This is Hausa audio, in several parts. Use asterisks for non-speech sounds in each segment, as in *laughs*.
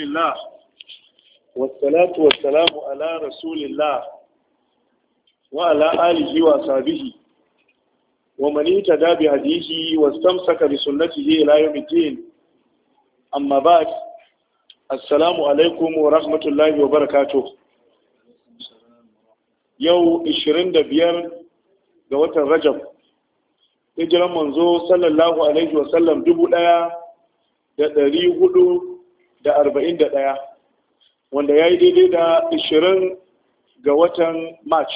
بسم الله والصلاة والسلام على رسول الله وعلى آله وصحبه ومن اهتدى بهديه واستمسك بسنته إلى يوم الدين أما بعد السلام عليكم ورحمة الله وبركاته يوم 25 ga watan Rajab hijiran manzo sallallahu alaihi wasallam dubu ɗaya da ɗari hudu da arba'in da ɗaya wanda ya yi daidai da ishirin ga watan march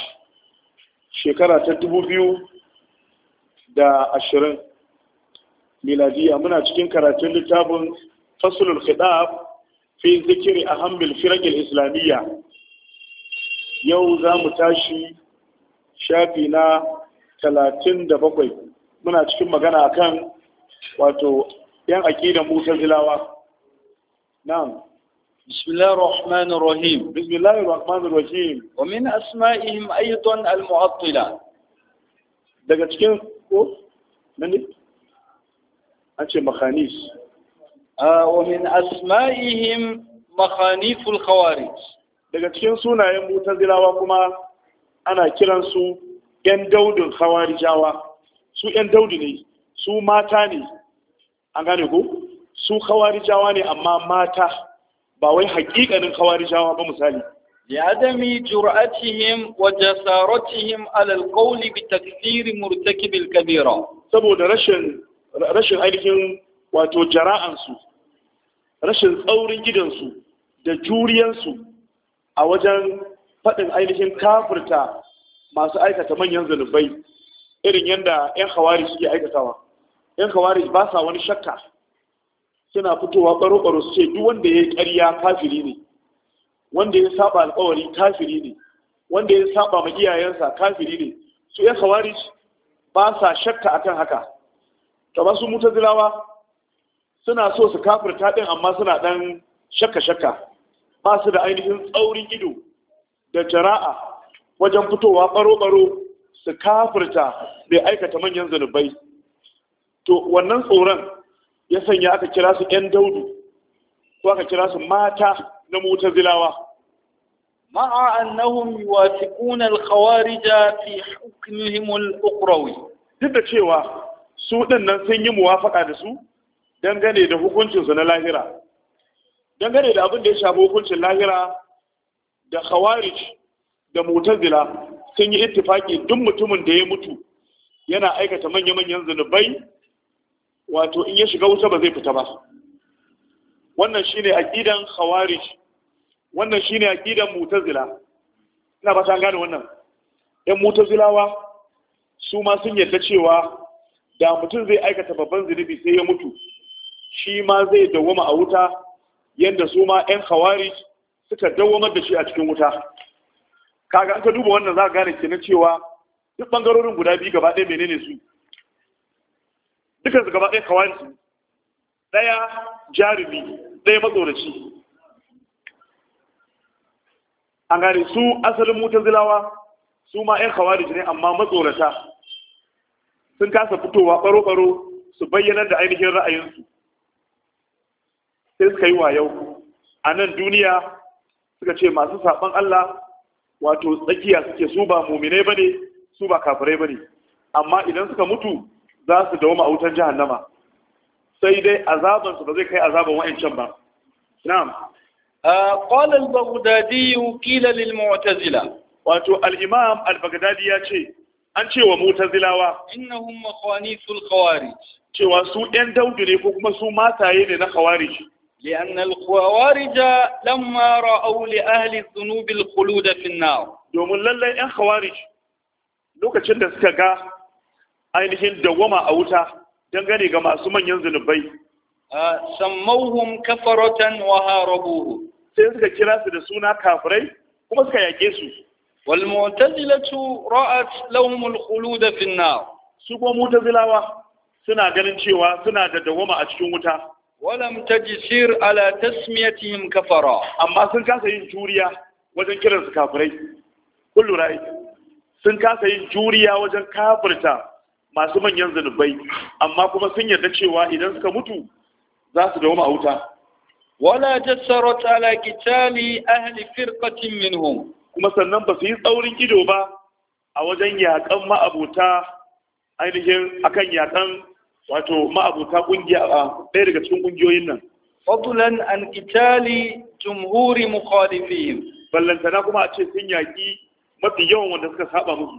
shekara ta dubu biyu da ashirin miladiya muna cikin karatun littafin fasulul khidab fi zikiri a hambil firakil islamiyya yau za mu tashi shafi na talatin da bakwai muna cikin magana akan wato yan aƙidan zilawa نعم بسم الله الرحمن الرحيم بسم الله الرحمن الرحيم ومن أسمائهم أيضا المعطلة daga cikin ko nani an ce makhanis ah, wa min asma'ihim makhaniful khawarij daga cikin sunayen mutazilawa kuma ana kiransu yan daudin khawarijawa su yan daudi ne su mata ne an gane ku su jawa ne amma mata ba wai haƙiƙanin jawa ba misali لعدم جرأتهم وجسارتهم على القول بتكفير مرتكب الكبيرة saboda rashin rashin ainihin wato jara'ansu rashin tsaurin gidansu da juriyansu a wajen faɗin ainihin kafirta masu aikata manyan zunubai irin yadda 'yan hawari suke aikatawa 'yan hawari ba sa wani shakka suna fitowa ɓaro-ɓaro, su ce duk wanda ya yi ƙarya kafiri ne wanda ya saba alƙawari kafiri ne wanda ya saba ma iyayensa kafiri ne su ya kawari ba sa shakka akan haka ba su mutazilawa suna so su kafirta din amma suna ɗan shakka shakka ba su da ainihin tsaurin ido da jara'a wajen fitowa ɓaro-ɓaro su kafirta bai aikata manyan zanubai to wannan tsoron ya sanya aka kira su ‘yan daudu ko aka kira su mata na zilawa. ma'a annahum yuwafiqun al fi hukmihim al duk da cewa su nan sun yi muwafaka da su dangane da hukuncin na lahira dangane da abin da ya shafi hukuncin lahira da khawarij da mutazila sun yi ittifaki duk mutumin da ya mutu yana aikata manya-manyan zunubai wato in ya shiga wuta ba zai fita ba wannan shine aqidan khawarij wannan shine aqidan mu'tazila ina ba san gane wannan ɗan mu'tazilawa su ma sun yarda cewa da mutum zai aikata babban zunubi sai ya mutu shi ma zai dawwama a wuta yadda su ma ɗan khawarij suka dawwamar da shi a cikin wuta kaga an ka duba wannan za ka gane kenan cewa duk bangarorin guda biyu gaba ɗaya menene su dukansu gaba ɗaya kawari ɗaya jarumi ɗaya matsoraci an gane su asalin mutan zilawa su ma 'yan kawari ne amma matsorata sun kasa fitowa ɓaro-ɓaro su bayyana da ainihin ra'ayinsu sai suka yi wayau a nan duniya suka ce masu saɓon Allah wato tsakiya suke su ba muminai ba ne su ba kafirai ba ne amma idan suka mutu za su dawo ma wutar jahannama sai dai azabansu ba zai kai azaban wa'ancan ba na'am ah, qala al-baghdadi qila lil mu'tazila wato al-imam al-baghdadi ya ce an ce wa mu'tazilawa innahum makhanisul khawarij cewa su ɗan daudu ne ko kuma su mataye ne na khawarij لأن الخوارج لما رأوا لأهل الذنوب الخلود في النار domin lallai 'yan khawarij lokacin da suka ga ainihin dawwama a wuta dangane ga masu manyan zunubai sammauhum kafarotan wa harabuhu sai suka kira su da suna kafirai kuma suka yake su wal mu'tazilatu ra'at lahum al khulud fi an-nar su kuma mu'tazilawa suna ganin cewa suna da dawwama a cikin wuta walam jisir ala tasmiyatihim kafara amma sun kasa yin juriya wajen kiransu kafirai kullu ra'i sun kasa yin juriya wajen kafirta masu manyan zunubai amma kuma sun yarda cewa idan suka mutu za su dawo wuta. wala jassarat ala kitali ahli firqatin minhum kuma sannan ba su yi tsaurin ido ba a wajen yakan ma'abuta ainihin akan yakan wato ma'abuta kungiya a ɗaya daga cikin kungiyoyin nan fadlan an kitali jumhuri mukhalifin ballantana kuma a ce sun yaki mafi yawan wanda suka saba musu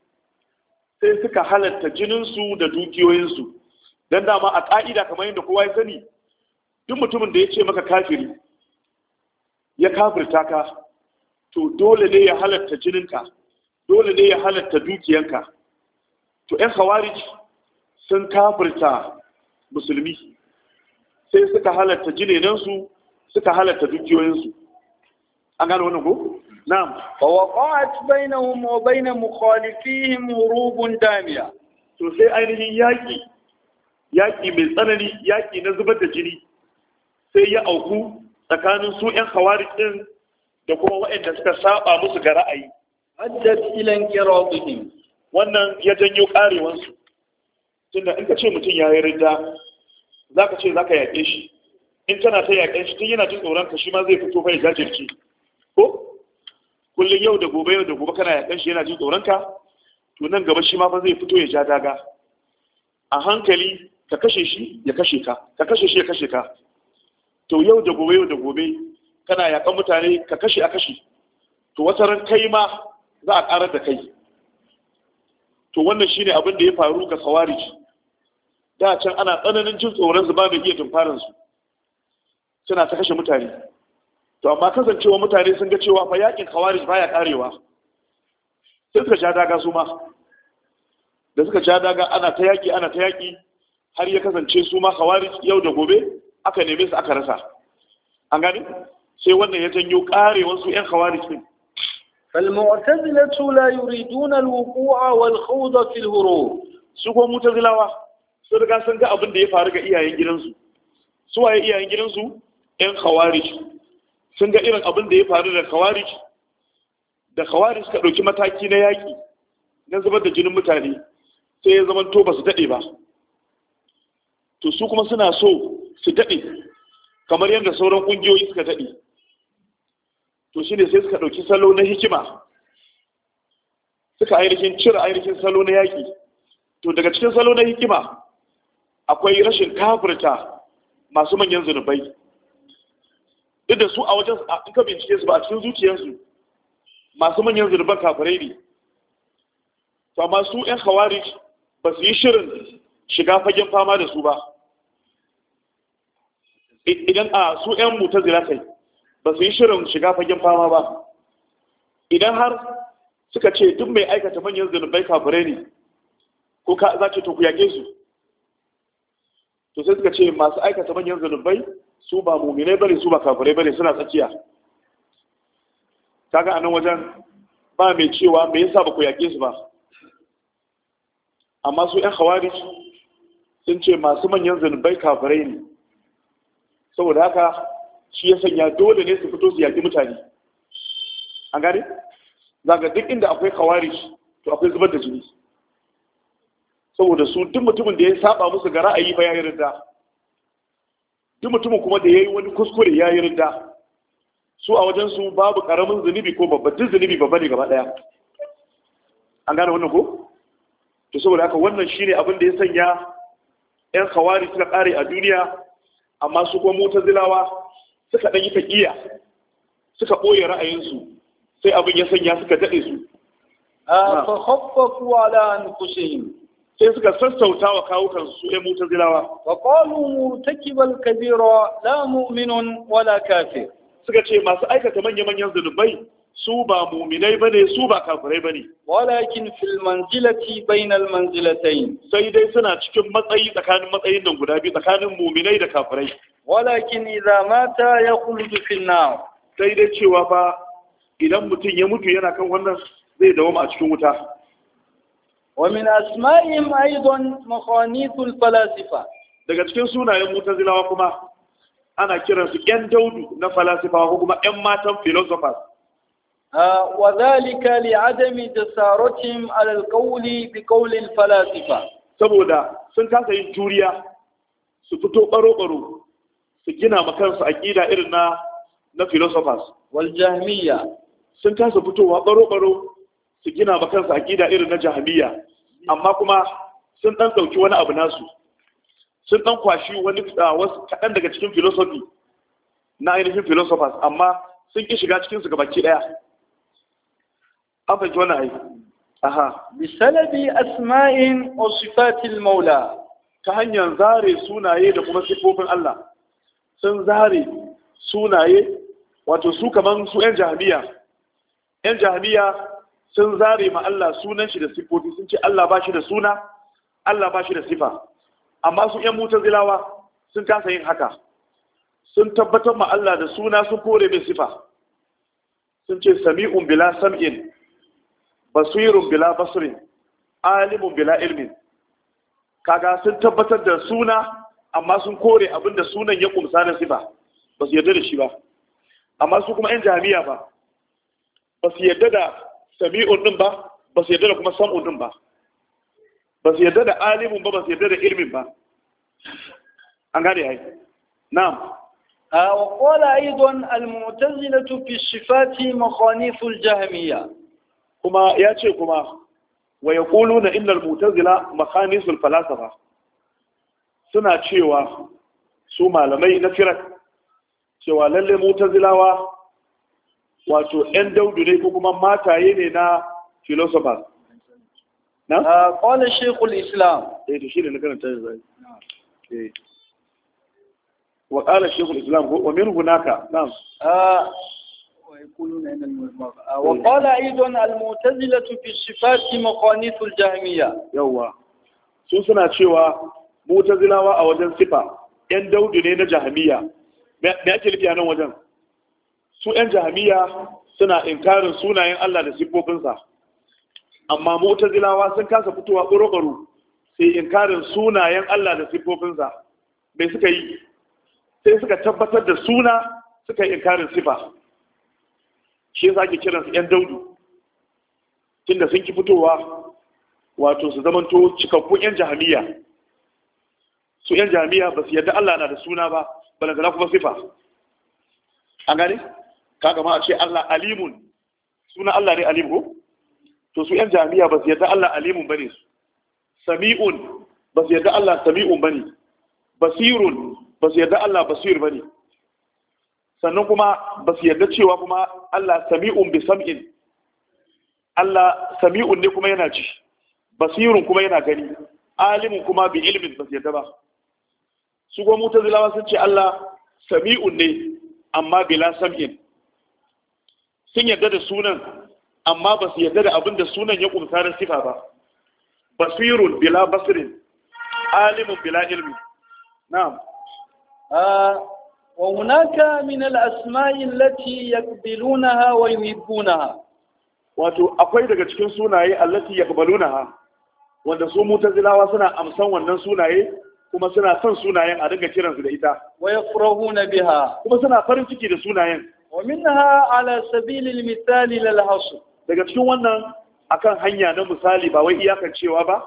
sai suka halatta jininsu da dukiyoyinsu don dama a ƙa'ida kamar yadda kowa ya sani duk mutumin da ya ce maka kafiri ya kafirta ka to dole ne ya halatta jininka dole ne ya halatta dukiyanka to 'yan khawarij sun kafirta musulmi sai suka halatta jinenansu suka halatta dukiyoyinsu an gano wannan ko نعم فوقعت بينهم وبين مخالفيهم هروب دامية to sai ainihin yaƙi yaƙi mai tsanani yaƙi na zubar da jini sai ya auku tsakanin su 'yan khawarij da kuma waɗanda suka saba musu ga ra'ayi haddat ilan qiradihim wannan ya janyo ƙarewansu. su tunda in ce mutum ya yi ridda zaka ce zaka yaƙe shi in tana ta yaƙen shi tun yana jin tsoron ka shi ma zai fito fa ya jajirce ko kullum yau da gobe yau da gobe kana yakan shi yana jin tsoronka to nan gaba shi ma fa zai fito ya ja daga a hankali ka kashe shi ya kashe ka ka kashe shi ya kashe ka to yau da gobe yau da gobe kana yakan mutane ka kashe a kashe to wata ran kai ma za a karar da kai to wannan shine abin da ya faru ga khawarij da can ana tsananin jin tsoron su ba da iya tumfarin su suna ta kashe mutane to amma kasancewa mutane sun ga cewa fa yakin khawarij baya karewa sai suka ja daga su ma da suka ja daga ana ta yaki ana ta yaki har ya kasance su ma khawarij yau da gobe aka neme su aka rasa an gani sai wannan ya janyo karewar su yan khawarij din فالمعتزلة لا يريدون الوقوع والخوض في الهروب su ko mutazilawa sun riga sun ga abin da ya faru ga iyayen gidansu su waye iyayen gidansu yan khawarij sun ga irin abin da ya faru da kawarij da kawarij suka ɗauki mataki na yaƙi na zubar da jinin mutane sai ya zama to ba su daɗe ba to su kuma suna so su daɗe kamar yadda sauran ƙungiyoyi suka daɗe to shine sai suka ɗauki salo na hikima suka ainihin cire ainihin salo na yaƙi to daga cikin salo na hikima akwai rashin kafirta masu manyan zunubai duk da su a wajen in ka bincike su ba a cikin zuciyarsu masu manyan zunuban kafirai ne to amma su yan khawarij ba su yi shirin shiga fagen fama da su ba idan a su yan mutazila kai ba su yi shirin shiga fagen fama ba idan har suka ce duk mai aikata manyan zunubai kafirai ne ko ka za ce to ku yake su to sai suka ce masu aikata manyan zunubai su ba muminai bane su ba kafirai bane suna tsakiya kaga anan wajen ba mai cewa me yasa ba ku yaƙe su ba amma su ƴan khawarij sun ce masu manyan zunubai kafirai ne saboda haka shi ya sanya dole ne su fito su yaƙi mutane an gane zaga duk inda akwai khawarij to akwai zubar da jini saboda su duk mutumin da ya saba musu ga ra'ayi ba ya yarda duk mutumin kuma da ya yi wani kuskure ya yi rinda, su a wajen su babu karamin zunubi ko babban zunubi babba ne gaba daya an gane wannan ko to saboda haka wannan shine abin da ya sanya yan khawari suka kare a duniya amma su kuma mutazilawa suka dan yi takiya suka boye ra'ayinsu sai abin ya sanya suka dade su ah, fa khaffatu ala anfusihim sai suka sassauta wa kawukan su ya mutu zilawa. Wa qalu murtakibal kabira la mu'minun wala kafir. Suka ce masu aikata manya-manyan zunubai su ba muminai ba ne su ba kafirai bane. Walakin fil manzilati bainal manzilatayn. Sai dai suna cikin matsayi tsakanin matsayin nan guda biyu tsakanin muminai da kafirai. Walakin idza mata ya yakhludu fil nar. Sai dai cewa ba idan mutum ya mutu yana kan wannan zai dawo a cikin wuta. ومن أسمائهم أيضا مخانيث الفلاسفة daga cikin sunayen mutazilawa kuma ana kiransu ƴan daudu na falasifawa ko kuma ƴan matan philosophers ah, wa zalika li adami tasarutim ala alqawli bi qawli alfalasifa saboda sun kasa yin juriya su fito baro baro su gina ma kansu aqida irin na na philosophers wal jahmiya sun kasa fitowa baro baro su gina ba kansu aqida irin na jahmiya amma kuma sun dan ɗauki wani abu nasu sun dan kwashi wani wasu kaɗan daga cikin philosophy na ainihin philosophers amma sun ki shiga cikin su gabaki daya an fahimci wannan aiki. aha bisalabi asma'in wa sifatil maula ta hanyar zare sunaye da kuma sifofin Allah sun zare sunaye wato su kaman su 'yan jahiliya 'yan jahiliya sun zare ma Allah sunan shi da sifofi sun ce Allah ba shi da suna Allah ba shi da sifa amma su ‘yan zilawa sun kasa yin haka sun tabbatar ma Allah da suna sun kore mai sifa sun ce sami'un bila sam'in basirun bila basirin alimun bila ilmin kaga sun tabbatar da suna amma sun kore abinda sunan ya kumsa na sifa ba su yarda da shi ba amma su kuma ‘yan jami'a ba ba su yarda da sami'un nun ba ba su yarda da kuma sam'un nun ba ba su yarda da alimun ba ba su yarda da ilimin ba an gane ai na'am a wa qala aidan al-mu'tazila fi sifati makhanif al-jahmiyya kuma yace kuma wa yaquluna inna al-mu'tazila makhanif al-falasafa suna cewa su malamai na firak cewa lalle Zilawa? wato ‘yan daudu ne ko kuma mataye ne na philosophers. Na? Ƙwale ah, Shekul Islam. Eh, to shi ne na karanta shi zai. Eh. Wa ƙala Shekul Islam ko wa min hunaka. Na'am. وقال أيضا المعتزلة في الصفات مقانيث الجهمية يوا sun suna cewa mutazilawa a wajen sifa ‘yan daudu ne na jahamiya me ake nufi nan wajen su 'yan jami'a suna inkarin sunayen Allah da siffofinsa amma mutazilawa sun kasa fitowa ƙoroƙoro sai inkarin sunayen Allah da siffofinsa bai suka yi sai suka tabbatar da suna suka yi inkarin sifa shi yasa ake kiransu 'yan daudu tunda sun ki fitowa wato su zamanto cikakkun 'yan jami'a su 'yan jami'a ba su yadda Allah na da suna ba balagala kuma sifa an gane kaga ma a ce Allah alimun suna Allah ne alim ko to su yan jami'a ba su yarda Allah alimun bane su sami'un ba su yarda Allah sami'un bane basirun ba su yarda Allah basir bane sannan kuma ba su yarda cewa kuma Allah sami'un bi sam'in Allah sami'un ne kuma yana ji basirun kuma yana gani alimun kuma bi ilmin ba su yarda ba su kuma mutazilawa sun ce Allah sami'un ne amma bila sam'in sun yarda da sunan amma ba su yarda da abin da sunan ya kumsa da sifa ba basirun bila basirin alimun bila ilmi na'am wa hunaka min al-asma'i allati yaqbilunaha wa yuhibbunaha wato akwai daga cikin sunaye allati yaqbalunaha wanda su mutazilawa suna amsan wannan sunaye kuma suna son sunayen a dinga kiransu da ita wa yafrahuna biha kuma suna farin ciki da sunayen wa minha ala sabilil misali lal hasu daga cikin wannan akan hanya na misali ba wai iyakan cewa ba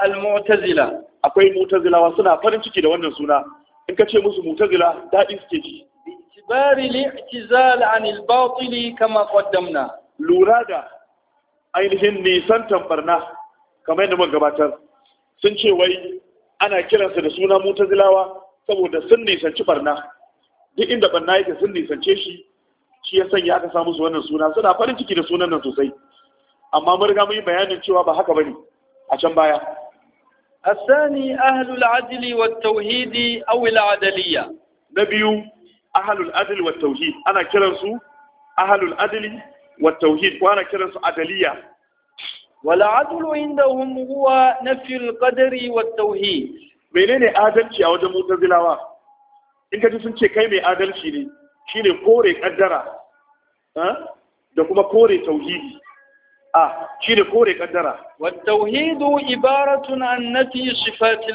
al mu'tazila akwai mu'tazilawa suna farin ciki da wannan suna in ka ce musu mu'tazila dadi suke ji itibari li'tizal an al batil kama qaddamna lura da ainihin nisan tambarna kamar yadda muka gabatar sun ce wai ana kiransa da suna mutazilawa saboda sun nisanci barna duk inda banna yake sun nisance shi shi ya sanya aka samu su wannan suna suna farin ciki da sunan nan sosai amma mun riga mun yi bayanin cewa ba haka bane a can baya الثاني أهل العدل والتوحيد أو العدلية نبي أهل العدل والتوحيد أنا كرنسو أهل العدل والتوحيد وأنا كرنسو عدلية والعدل عندهم هو نفي القدر والتوحيد منين عدل يا وجه متزلاوا in ka ji sun ce kai mai adalci ne ne kore kaddara da kuma kore tauhidi a shine kore kaddara wa tauhidu ibaratun an nafi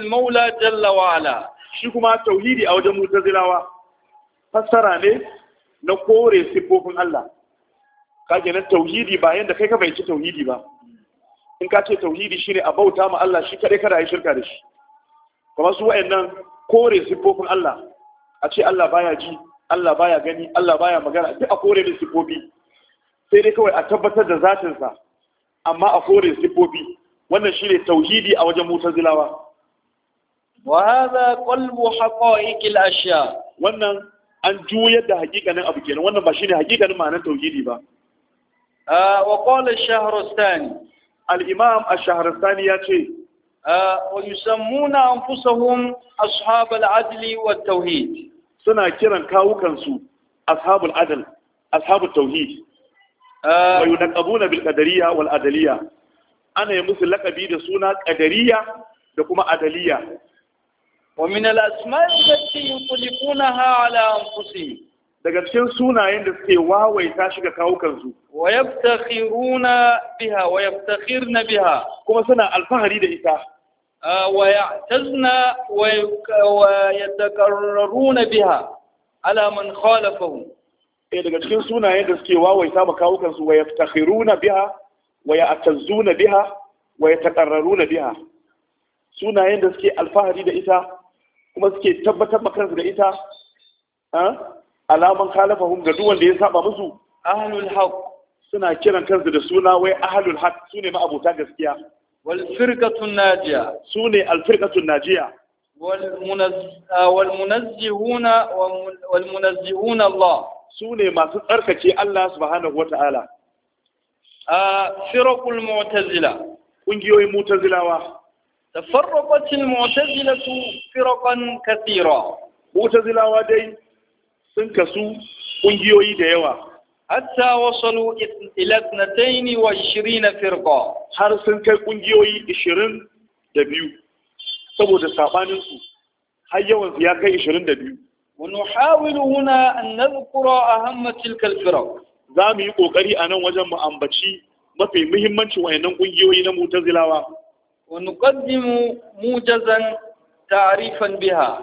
maula jalla wa ala shi kuma tauhidi a wajen mutazilawa fassara ne na kore siffofin Allah ka gina tauhidi ba yanda kai ka bayyanci tauhidi ba in ka ce tauhidi shine a bauta ma Allah shi kare kada yi shirka da shi kamar su wayannan kore sifofin Allah a ce Allah baya ji Allah baya gani Allah baya magana duk a kore da sifofi sai dai kawai a tabbatar da zatin sa amma a kore sifofi wannan shine tauhidi a wajen mutazilawa wa hadha qalbu haqa'iq al-ashya wannan an juyar da hakikanin abu kenan wannan ba shine hakikanin ma'anar tauhidi ba wa qala ash-shahrastani al-imam ash-shahrastani ya ce wa yusammuna anfusahum ashab al-adli wat-tauhid suna kiran kawukansu ashabul adal ashabul tauhid ah. wa yunqabuna bil qadariyya wal adaliyya ana yi musu lakabi da suna qadariyya da kuma adaliyya wa min al asma'i allati yuqliqunaha ala anfusihim daga cikin sunayen da suke wawaita shi ga kawukansu wa yaftakhiruna biha wa yaftakhirna biha kuma suna alfahari da ita ويعتزن ويتكررون بها على من خالفهم eh daga cikin sunayen da suke wawaita ma kawo kansu waya yaftakhiruna biha wa ya'tazzuna biha wa yataqarraruna biha sunayen da suke alfahari da ita kuma suke tabbatar ma kansu da ita alaman khalafahum ga duk wanda ya saba musu ahlul haqq suna kiran kansu da suna wai ahlul haqq sune ma abota gaskiya wal firqatun najiya sune al firqatun najiya wal munazzihuna wal munazzihuna Allah sune masu tsarkake Allah subhanahu wataala a firqul mu'tazila kungiyoyin mu'tazilawa tafarraqat al mu'tazilatu firqan kathira mu'tazilawa dai sun kasu ƙungiyoyi da yawa hatta wasalu ila 22 firqa har sun kai kungiyoyi biyu, saboda sabaninsu har yawan ya kai ishirin da biyu. Wani hawilu wuna an أن a أهم تلك الفرق za mu yi ƙoƙari a nan wajen mu mafi muhimmanci wayannan ƙungiyoyi na wani Wani mu mujazan ta'rifan biha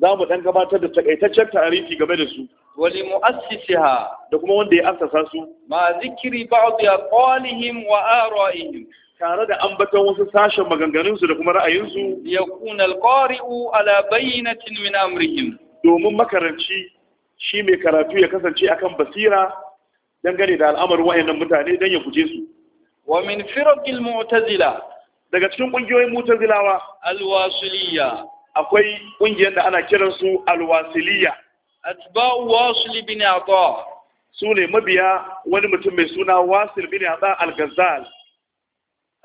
za mu dan gabatar da takaitaccen tarifi game da su wali mu'assisiha da kuma wanda ya assasa su ma zikri ba'd aqwalihim wa ara'ihim tare da ambaton wasu sashen maganganunsu da kuma ra'ayinsu ya kuna alqari'u ala bayyinatin min amrihim domin makaranci shi mai karatu ya kasance akan basira dangane da al'amar wayannan mutane dan ya guje su wa min firqil mu'tazila daga cikin kungiyoyin mu'tazilawa alwasiliyya akwai kungiyar da ana kiransu alwasiliya atba'u wasil bin ata sune mabiya wani mutum mai suna wasil bin ata al-ghazal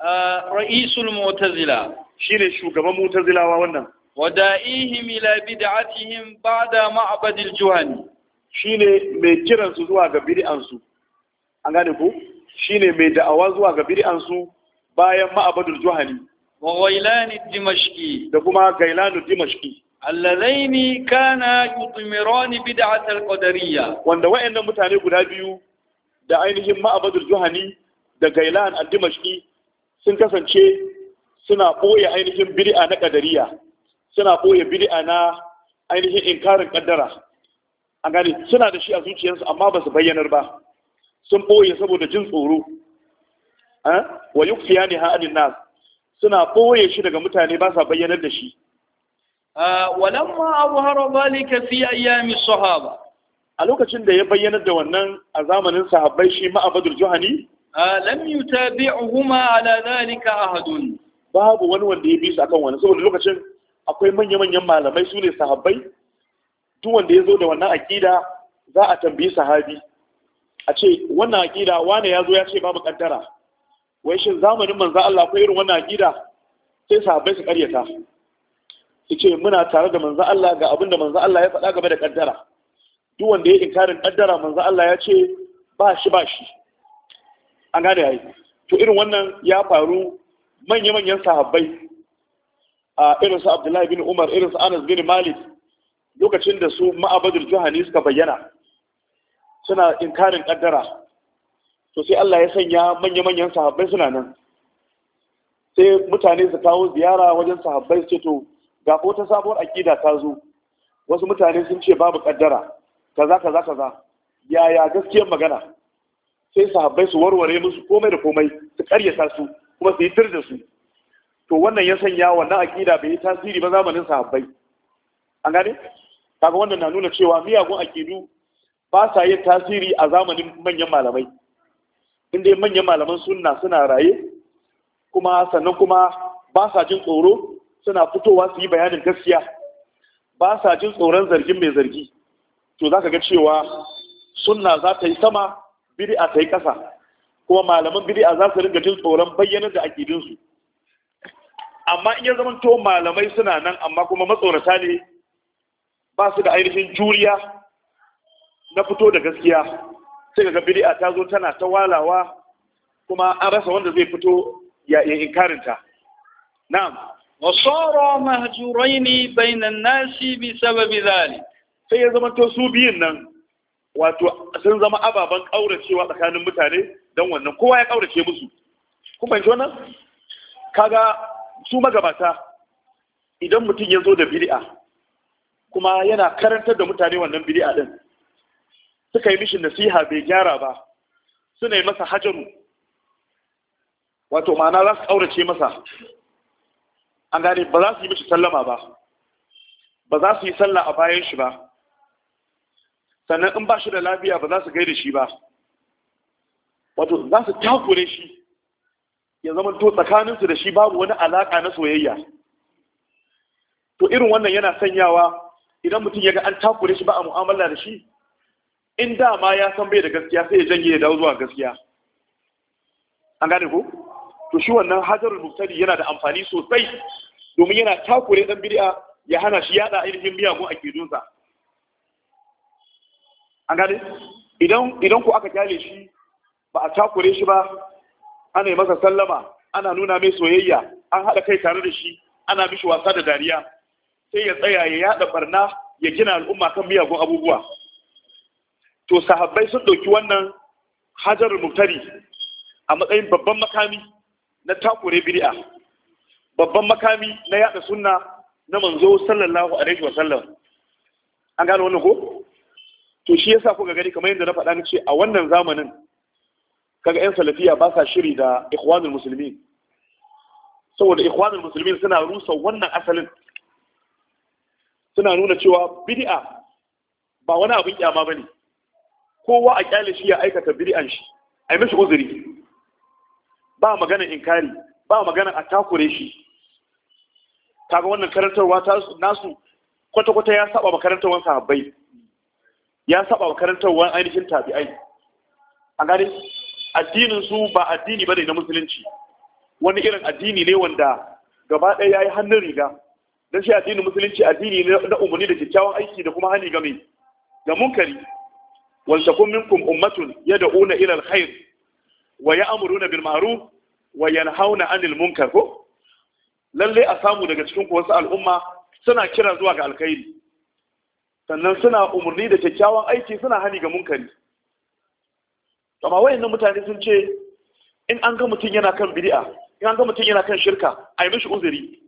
uh, ra'isul mu'tazila shine shugaban mu'tazilawa wannan wada'ihim ila bid'atihim ba'da ma'bad al-juhani shine mai kiran su zuwa ga bid'an su an gane ko shine mai da'awa zuwa ga bid'an su bayan ma'bad al-juhani wa gailani dimashqi da kuma gailanu dimashqi allazaini kana yutmirani bid'at alqadariyya wanda wayannan mutane guda biyu da ainihin ma'abadul juhani da gailan ad-dimashqi sun kasance suna boye ainihin bid'a na qadariyya suna boye bid'a na ainihin inkarin ƙaddara. an gane suna da shi a zuciyarsu amma ba su bayyanar ba sun boye saboda jin tsoro eh? wa yukfiyani ha'adin nas suna boye shi daga mutane ba sa bayyanar da shi Ah, walamma azhara zalika fi ayyami sahaba a lokacin da ya bayyana da wannan a zamanin sahabbai shi ma'abadul juhani ah, lam yutabi'uhuma ala zalika ahadun babu wani wanda ya bi su akan wannan saboda lokacin akwai manya-manyan malamai su ne sahabbai duk wanda ya zo da wannan aƙida za a tambayi sahabi a ce wannan aƙida wane ya zo ya ce babu kaddara wai shin zamanin manzo Allah akwai irin wannan aƙida sai sahabbai su karyata su ce muna tare da manzan Allah ga abin da manzan Allah ya faɗa game da kaddara duk wanda ya inkarin kaddara manzan Allah ya ce ba shi ba shi an gane yayi to irin wannan ya faru manya-manyan sahabbai a irin su Abdullahi bin Umar irin su Anas bin Malik lokacin da su ma'abadul juhani suka bayyana suna inkarin kaddara to sai Allah ya sanya manya-manyan sahabbai suna nan sai mutane su kawo ziyara wajen sahabbai su to ga wata sabuwar aƙida ta zo wasu mutane sun ce babu ƙaddara, kaza kaza kaza yaya gaskiyar magana sai sahabbai su warware musu komai da komai su karyata su kuma su yi tir da su to wannan ya sanya wannan aƙida bai yi tasiri ba zamanin sahabbai an gane kaga wannan na nuna cewa miyagun aƙidu ba sa yin tasiri a zamanin manyan malamai inda manyan malaman sunna suna raye kuma sannan kuma ba sa jin tsoro suna fitowa su yi bayanin gaskiya ba sa jin tsoron zargin mai zargi to za ka ga cewa sunna za ta yi sama bid'a ta yi ƙasa kuma malaman bid'a za su ringa jin tsoron bayyanar da aƙidinsu amma in ya zama to malamai suna nan amma kuma matsorata ne ba su da ainihin juriya na fito da gaskiya sai ga bid'a ta zo tana ta walawa kuma an rasa wanda zai fito ya inkarinta na'am وصار مهجورين بين الناس بسبب ذلك sai ya zama to su biyun nan wato sun zama ababen kauracewa tsakanin mutane don wannan kowa ya kaurace musu kun fahimci wannan kaga su magabata idan mutum ya zo da bid'a kuma yana karantar da mutane wannan bid'a din suka yi mishi nasiha bai gyara ba suna yi masa hajaru wato ma'ana za su kaurace masa an gane ba za su yi mishi sallama ba ba za su yi sallah a bayan shi ba sannan in ba shi da lafiya ba za su gaida shi ba wato za su takure shi ya zama to tsakaninsu da shi babu wani alaka na soyayya to irin wannan yana sanyawa idan mutum ya ga an takure shi ba a mu'amala da shi in dama ya san bai da gaskiya sai ya janye ya dawo zuwa gaskiya an gane ko to shi wannan hajarul muftari yana da amfani sosai domin yana takure dan bid'a ya hana shi yada ainihin miyagun akidunsa an gane idan idan ku aka kyale shi ba a takure shi ba ana yi masa sallama ana nuna mai soyayya an haɗa kai tare da shi ana mishi wasa da dariya sai ya tsaya ya yada barna ya gina al'umma kan miyagun abubuwa to sahabbai sun ɗauki wannan hajar muftari a matsayin babban makami na takure bid'a babban makami na yada sunna na manzo sallallahu alaihi wasallam an gano wannan ko to shi yasa kuka gani kamar yadda na faɗa ni ce a wannan zamanin kaga yan salafiya ba sa shiri da ikhwanul muslimin saboda ikhwanul muslimin suna rusa wannan asalin suna nuna cewa bidi'a ba wani abin kyama bane kowa a kyale shi ya aikata bid'an shi ai mishi uzuri ba magana inkari ba magana a takure shi kaga wannan karantarwa nasu kwata-kwata ya saba makarantarwar sahabbai ya saba makarantarwar ainihin tabi'ai a gane addinin su ba addini bane na musulunci wani irin addini ne wanda gaba ɗaya ya yi hannun riga don shi addinin musulunci addini na umarni da kyakkyawan aiki da kuma hani game ga munkari wal kun minkum ummatun yad'una ilal alkhair wa ya amuruna bil ma'ruf wa yanhauna anil munkar ko lalle a samu daga cikin ku wasu al'umma suna kira zuwa ga alkhairi sannan suna umarni da kyakkyawan aiki suna hani ga munkari amma wayannan mutane sun ce in an ga mutum yana kan bid'a in an ga mutum yana kan shirka a yi mishi uzuri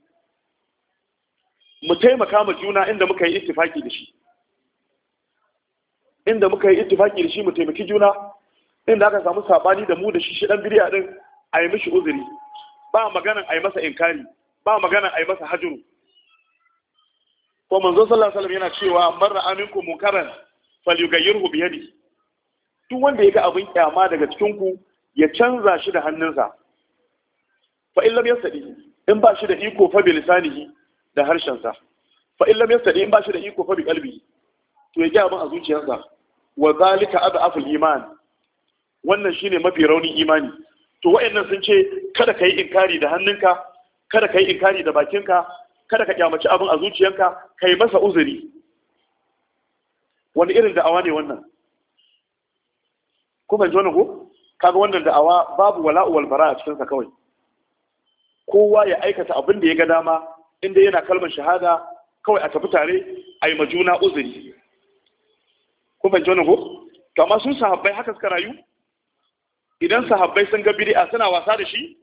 mu taimaka ma juna inda muka yi ittifaki da shi inda muka yi ittifaki da shi mu taimaki juna inda aka samu sabani da mu da shi shi dan bid'a din a yi mishi uzuri ba maganan a yi masa inkari ba maganan a yi masa hajuru ko manzo sallallahu alaihi yana cewa man ra'a minkum munkaran falyughayyirhu bi yadihi duk wanda ya ga abin kyama daga cikin ku ya canza shi da hannunsa fa in lam yastadi in ba shi da iko fa bi lisanihi da harshensa fa in lam yastadi in ba shi da iko fa bi kalbi. to ya ga a zuciyarsa wa zalika ad'afu al-iman wannan shine mafi raunin imani to wa'annan sun ce kada ka yi inkari da hannunka kada ka yi inkari da bakinka kada ka kyamaci abin a zuciyanka ka yi masa uzuri wani irin da'awa ne wannan kuma ji wani ko kaga wannan da'awa babu wala'u bara a cikinsa kawai kowa ya aikata abin da ya ga dama inda yana kalmar shahada kawai a tafi tare a yi majuna uzuri kuma ji wani ko kama sun sahabbai haka suka rayu idan sahabbai sun ga bid'a suna wasa da shi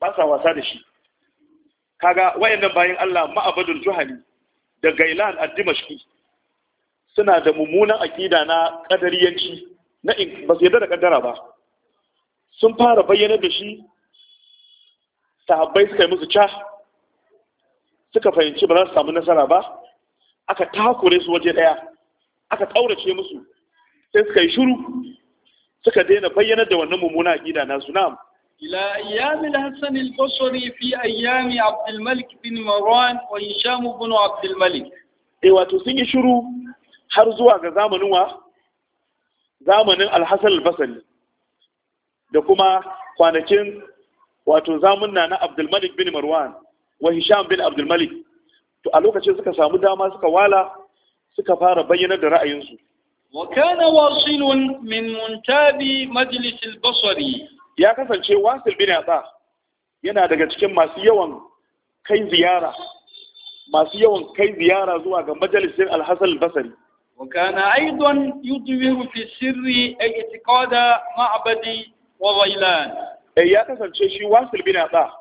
ba sa wasa da shi kaga wayannan bayan Allah ma'abadul juhani da gailan ad-dimashqi suna da mummunan akida na kadariyanci na in ba su yarda da kaddara ba sun fara bayyana da shi sahabbai suka yi musu ca suka fahimci ba za su samu nasara ba aka takure su waje daya aka ƙaurace musu sai suka yi shiru suka daina bayyanar da wannan mummuna aqida nasu na'am ila ayyam al-hasan al-basri fi ayyam abd al-malik bin marwan wa hisham bin abd al-malik eh wato sun yi shiru har zuwa ga zamanin wa zamanin al-hasan al-basri da kuma kwanakin wato zamunna na abd al-malik bin marwan wa hisham bin abd al-malik to a lokacin suka samu dama suka wala suka fara bayyanar da ra'ayinsu وكان واصل من منتاب مجلس البصري يا كسance wasil bin yatsa yana daga cikin masu yawan kai ziyara masu yawan kai ziyara zuwa ga majalisin al-Hasan basri وكان ايضا يدور في السر اعتقاد معبد وغيلان ya kasance shi wasil bin yatsa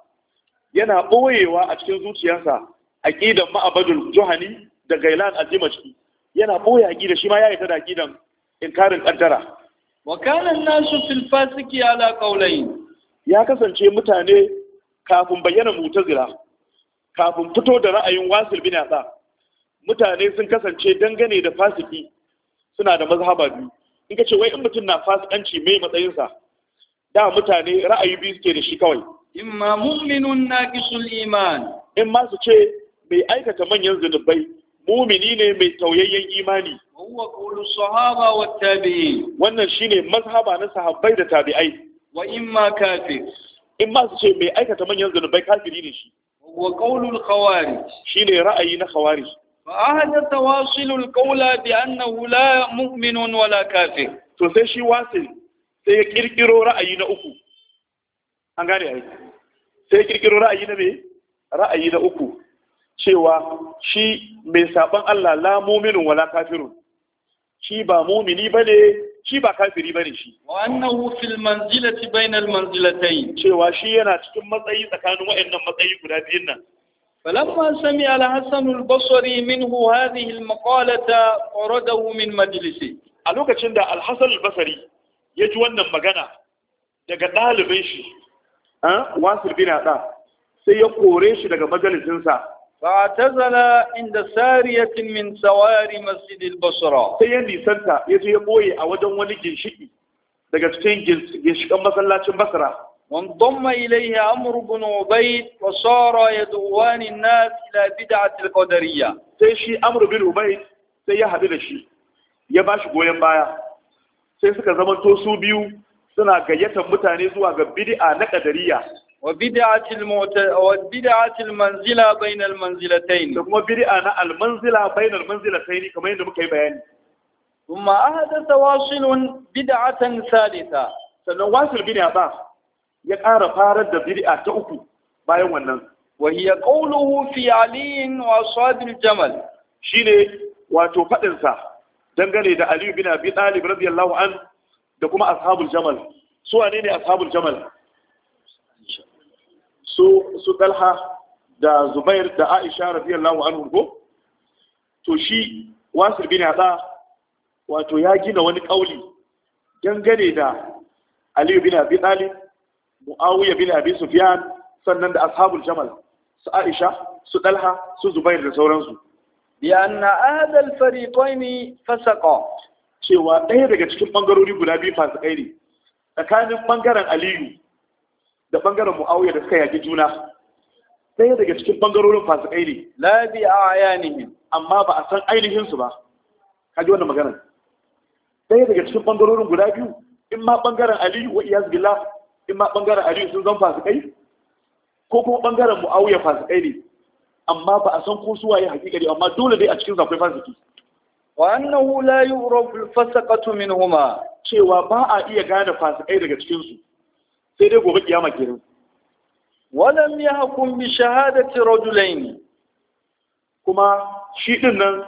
yana boyewa a cikin zuciyarsa aqidan ma'abadul juhani da gailan al-dimashqi yana boye gida shi ma ya yi ta da aqidan inkarin kaddara wa kana nasu fil suke ala ya kasance mutane kafin bayyana mutazila kafin fito da ra'ayin wasil bin yasa mutane sun kasance dangane da fasiki suna da mazhaba biyu in ka ce wai in mutum na fasikanci mai matsayinsa da mutane ra'ayi biyu suke da shi kawai In ma mu'minun naqisul iman in ma su ce bai aikata manyan zunubai mumini ne mai tauyayyen imani huwa qawlu sahaba wa tabi'in wannan shine mazhaba na sahabbai da tabi'ai wa imma kafir in ma su ce mai aikata manyan zanubai kafiri ne shi wa qawlu al-khawarij shine ra'ayi na khawarij fa ahada tawasilu al-qawla bi annahu la mu'minun wala kafir to sai shi wasil sai ya kirkiro ra'ayi na uku an gare ai sai ya kirkiro ra'ayi na me ra'ayi na uku cewa shi mai saban Allah la muminin wala kafirun shi ba mumini bane shi ba kafiri bane shi wa annahu fil manzilati bainal manzilatayn cewa shi yana cikin matsayi tsakanin wayannan matsayi guda biyun nan falamma sami al-hasan al-basri minhu hadhihi al-maqalata طرده min majlisi a lokacin da al-hasan al-basri ya ji wannan magana daga dalibin shi wasir bin ada sai ya kore shi daga majalisinsa فاعتزل Sari ya من سواري مسجد البصرة sai ya nisanta ya je ya boye a wajen wani ginshiki daga cikin ginshikan masallacin Basra وانضم إليه عمرو بن عبيد وصار يدعوان الناس إلى بدعة القدرية sai shi Amr bin sai ya haɗu da shi ya ba shi goyon baya sai suka zamanto su biyu suna gayyata mutane zuwa ga bid'a na ƙadariya وبدعة الموت وبدعة المنزلة بين المنزلتين ثم بدعة المنزلة بين المنزلتين كما يندم كي بيان ثم أحدث واصل بدعة ثالثة sannan wasil bid'a ba ya ƙara farar da bid'a ta uku bayan wannan wa hiya qawluhu fi ali wa ashabil jamal shine wato faɗinsa, dangane da Aliyu bin abi talib radiyallahu an da kuma ashabul jamal su Wanene ashabul jamal su su dalha da zubair da aisha radiyallahu anhu ko to shi wasir bin wato ya gina wani kauli dangane da aliyu bin abi talib muawiya bin abi sufyan sannan da ashabul jamal su aisha su dalha su zubair da sauransu bi anna hadha al fariqain fasaqa cewa ɗaya daga cikin bangarori guda biyu fasikai ne tsakanin bangaren aliyu da bangaren mu'awiyar da suka yaki juna sai daga cikin bangarorin fasikai ne la bi ayanihim amma ba a san ainihin su ba kaji wannan magana sai daga cikin bangarorin guda biyu in ma bangaren aliyu wa iyaz billah in ma bangaren aliyu sun zan kai ko kuma bangaren muawiya fasikai ne amma ba a san ko su waye hakikari amma dole dai a cikin akwai fasiki wa annahu la yu'rafu al-fasaqatu minhumma cewa ba a iya gane fasikai daga cikin su sai dai gobe kiyama kenan walam yahkum bi shahadati rajulain kuma shi din nan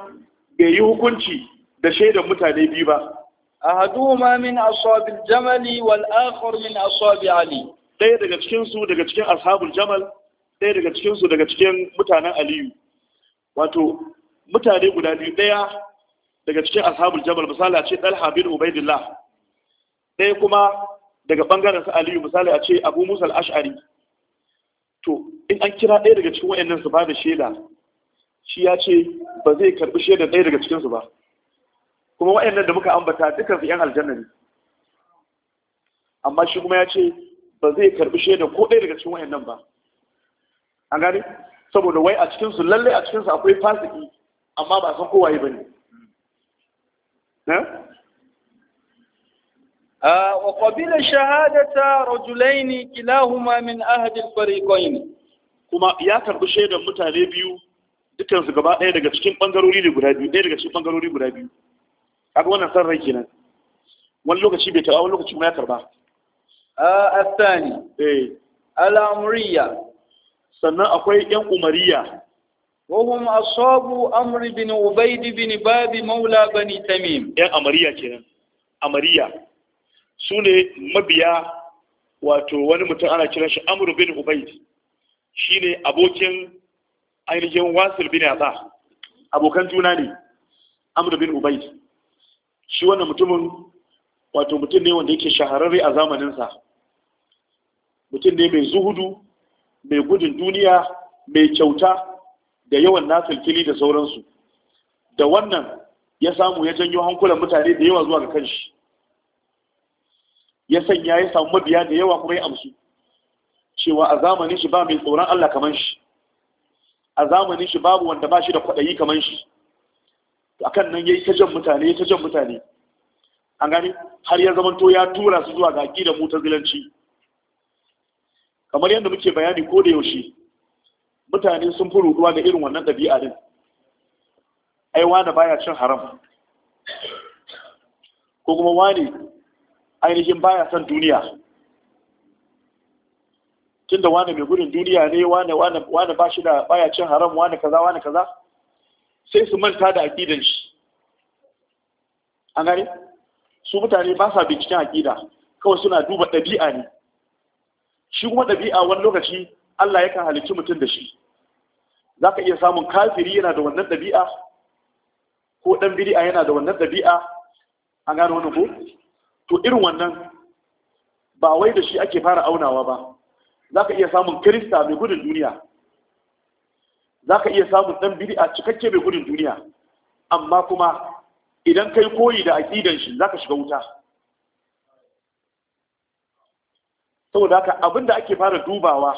bai yi hukunci da shaidan mutane biyu ba ahaduhuma min ashabil Jamal wal akhar min ashabi ali dai daga cikin su daga cikin ashabul jamal dai daga cikin su daga cikin mutanen aliyu wato mutane guda biyu ɗaya daga cikin ashabul jamal misali a ce dalha bin ubaidillah dai kuma daga bangaren su aliyu misali a ce abu musa al-ash'ari to in an kira ɗaya daga cikin wayannan su ba da shaida shi ya ce ba zai karɓi shaida ɗaya daga cikin su ba kuma wayannan da muka ambata dukan su yan aljanna ne amma shi kuma ya ce ba zai karɓi shaida ko ɗaya daga cikin wayannan ba an gane saboda wai a cikin su lalle a cikin su akwai fasiki amma ba san kowaye bane ne. Eh? وقبل شهادة رجلين كلاهما من أهد الفريقين kuma ya karbi shaidar mutane biyu dukansu gaba ɗaya daga cikin ɓangarori ne guda biyu ɗaya daga cikin ɓangarori guda biyu kaga wannan san rai kenan wani lokaci bai taɓa wani lokaci kuma ya karba Eh, al'amuriya. sannan akwai ‘yan umariya وهم أصحاب أمر بن عبيد بن باب مولى بني تميم ‘yan amariya kenan amariya su ne mabiya wato wani mutum ana kiran shi amru bin ubaid shi ne abokin ainihin wasil bin yasa abokan juna ne amru bin ubaid shi wannan mutumin wato mutum ne wanda yake shahararre a zamaninsa mutum ne mai zuhudu mai gudun duniya mai kyauta da yawan nasilkili da sauransu da wannan ya samu ya janyo hankulan mutane da yawa zuwa ga kanshi ya sanya ya samu mabiya da yawa kuma ya amsu cewa a zamanin shi ba mai tsoron Allah kaman shi a zamanin shi babu wanda ba shi da kwaɗayi kaman shi akan nan yi ta jan mutane ya ta jan mutane an gani har ya zamanto ya tura su zuwa ga aqidar zilanci. kamar yadda muke bayani ko da yaushe mutane sun fi ruɗuwa da irin wannan ɗabi'a din ai wane baya cin haram ko kuma wane ainihin baya son duniya tun da wane mai gudun duniya ne wane ba shi da baya cin haram wane kaza wane kaza sai su manta da aƙidan shi an gani su mutane ba sa binciken aƙida kawai suna duba ɗabi'a ne shi kuma ɗabi'a wani lokaci Allah yakan halicci mutum da shi za ka iya samun kafiri yana da wannan ɗabi'a ko ɗan biri'a yana da wannan ɗabi'a an gano wani ko to irin wannan ba wai da shi ake fara aunawa ba za ka iya samun kirista mai gudun duniya za ka iya samun ɗan bid'a cikakke mai gudun duniya amma kuma idan kai koyi da aƙidan shi za ka shiga wuta saboda haka abin da ake fara dubawa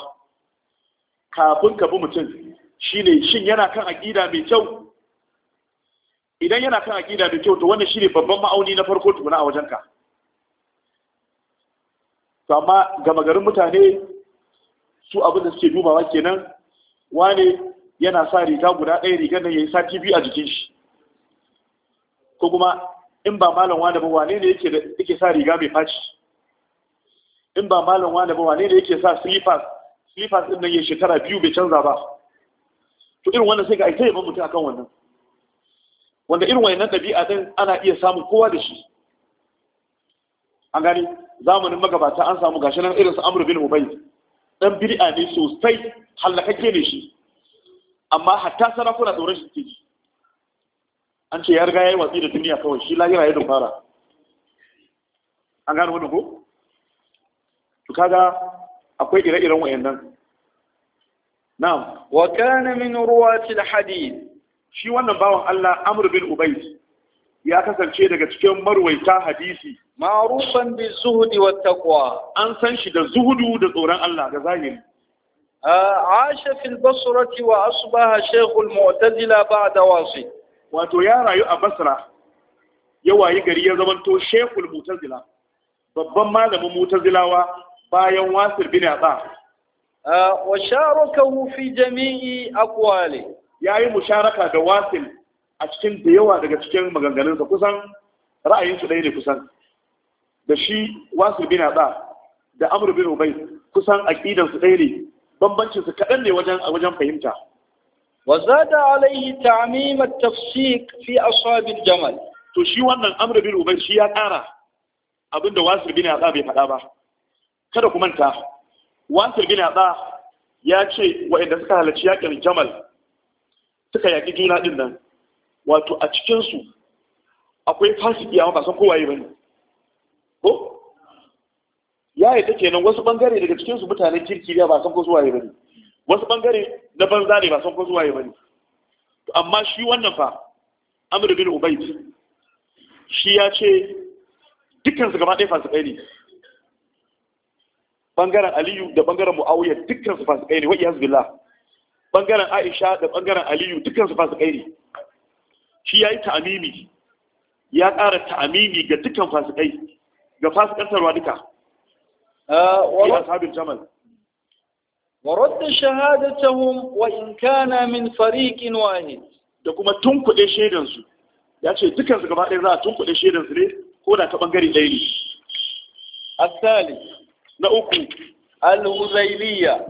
kafin ka bi mutum shine shin yana kan aƙida mai kyau idan yana kan aƙida mai kyau to wannan shine babban ma'auni na farko tukuna a wajenka to amma gama garin mutane su abin da suke dubawa kenan wane yana sa riga guda ɗaya rigar nan ya yi sati biyu a jikin shi ko kuma in ba malam wane ba wane ne yake sa riga mai faci in ba malam wane ba wane ne yake sa slippers slippers din nan ya shekara biyu bai canza ba to irin wannan sai ga aita yaban mutum akan wannan wanda irin wayannan ɗabi'a din ana iya samun kowa da shi an gani zamanin magabata an samu gashi nan irin su bin ubay dan bid'a ne sosai hallakakke ne shi amma hatta sarakuna da rashin tiji an ce ya riga yayi watsi da duniya kawai shi lahira ya dubara an gano wannan ko to kaga akwai ire-iren wayannan na'am wa kana min ruwatil hadith shi wannan bawan Allah Amr bin Ubayd ya kasance daga cikin marwaita hadisi ma'rufan bi zuhudi wa taqwa an san shi da zuhudu da tsoron Allah da zahiri asha fil basrati wa asbaha shaykhul mu'tazila ba'da wasi wato ya rayu a basra ya wayi gari ya zamanto shaykhul mu'tazila babban malamin mu'tazilawa bayan wasir bin atsa wa sharakahu fi jami'i aqwali yayi musharaka da wasil a cikin da yawa daga cikin maganganunsa kusan ra'ayinsu ɗaya ne kusan da shi wasu bin Ba da amr bin ubay kusan aqidan su ɗaya ne bambancin su kaɗan ne wajen wajen fahimta wa zada alaihi ta'mim at tafsi fi ashab al-jamal to shi wannan amr bin ubay shi ya ƙara abinda wasu bin Ba bai faɗa ba kada ku manta wasu bin Ba ya ce waɗanda suka halarci yaƙin jamal suka yaƙi juna ɗin nan wato a cikinsu akwai fasiki amma ba san kowaye ba ne ko ya yi ta kenan wasu bangare daga cikin su mutanen kirki ba san ko zuwa ya bane wasu bangare na banza ne ba san ko zuwa ya bane amma shi wannan fa amr bin ubayd shi ya ce dukkan su gaba ɗaya kai ne bangaren aliyu da bangaren muawiya dukkan su kai ne wa iyaz billah bangaren aisha da bangaren aliyu dukkan su kai ne shi ya yi ta'amimi ya ƙara ta'amimi ga dukkan kai ga fasikantarwa duka uh, fi ashabin jamal ورد شهادتهم وإن كان من فريق واحد da kuma tunkuɗe shaidansu ya ce dukansu gaba ɗaya za a tunkuɗe shaidansu ne ko da ta ɓangare ɗaya ne asali na uku al-huzailiya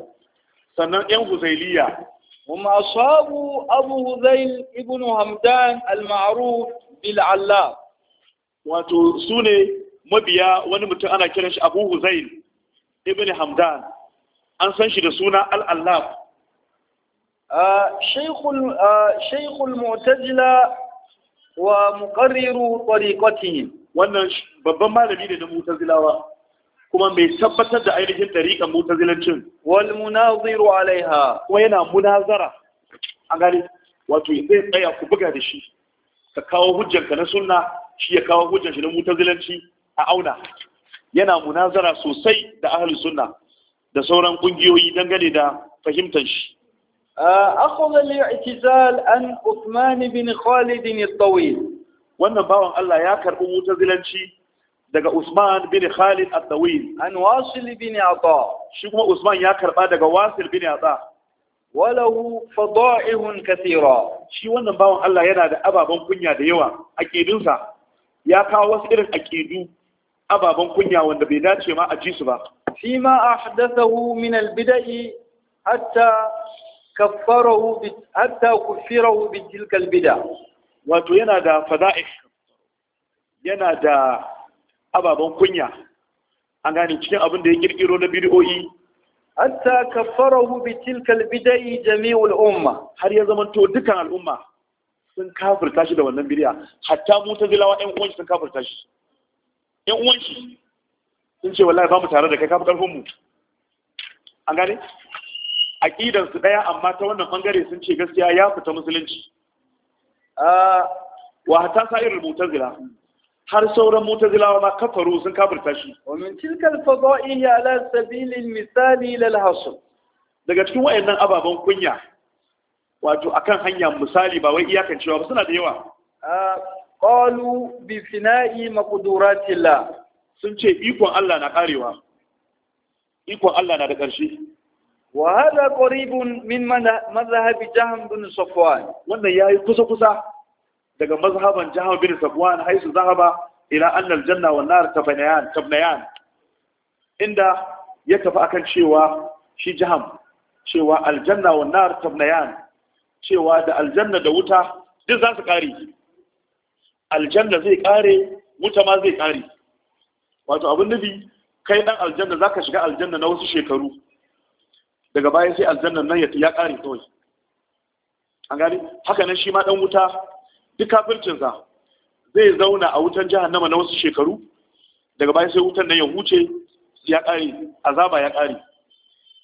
sannan ƴan huzailiya kuma asabu abu huzail ibn hamdan al-ma'ruf bil allah wato su ne mabiya wani mutum ana kiran shi abu huzail ibn hamdan an san shi da suna al'allaf shaikhul mutajila wa muqarriru tariqatihim wannan babban malami ne na mutazilawa kuma mai tabbatar da ainihin tariqan mutazilancin wal munaziru alaiha kuma yana munazara a gari wato tsaya ku buga da shi ka kawo hujjanka na sunna shi ya kawo hujjan shi na mutazilanci a auna yana munazara sosai da ahlus sunna da sauran kungiyoyi dangane da fahimtar shi akhadha al-i'tizal an Uthman ibn Khalid al-Tawil wannan bawan Allah ya karbi mutazilanci daga Usman bin Khalid al-Tawil an Wasil bin Ata shi kuma Usman ya karba daga Wasil bin Ata walahu fada'ihun kathira shi wannan bawan Allah yana da ababan kunya da yawa aqidunsa ya kawo wasu irin aqidu ababen kunya wanda bai dace ma a ji su ba fi a ahdathahu min albida'i, hatta kaffarahu hatta kufirahu bi tilka albid'a wato yana da fada'i yana da ababen kunya an gane cikin abin da ya kirkiro na bidiyoyi hatta kaffarahu bi tilka albid'i jami'ul umma har ya zama zamanto dukkan al'umma sun kafirta shi da wannan bidiya hatta mutazilawa ƴan uwan sun kafirta shi yan uwanci. sun ce wallahi ba mu tare da kai kafi ƙarfinmu mu an gane A ƙidansu ɗaya amma ta wannan ɓangare sun ce gaskiya ya fita musulunci A! wa hatta motar mu'tazila har sauran mutazilawa ma kafaru sun kafirta shi wa min tilkal fada'i ala sabilil misali lil hasl daga cikin wayannan ababen kunya wato akan hanya misali ba wai iyakan cewa ba suna da yawa qalu bi fina'i maqduratillah sun ce ikon Allah na karewa ikon Allah na da ƙarshe wa hada qaribun min mazhab jahm bin safwan wannan yi kusa kusa daga mazhaban jahm bin safwan haisu zahaba ila annal janna, wan nar tabnayan tabnayan inda ya tafi akan cewa shi jahm cewa aljanna wan nar tabnayan cewa da aljanna da wuta duk za su kare aljanna zai kare wuta ma zai kare wato abin nufi kai dan aljanna zaka shiga aljanna na wasu shekaru daga baya sai aljanna nan ya kare kawai an gani haka nan shi ma dan wuta duk kafircinsa zai zauna a wutan jahannama na wasu shekaru daga baya sai wutan nan ya huce ya kare azaba ya kare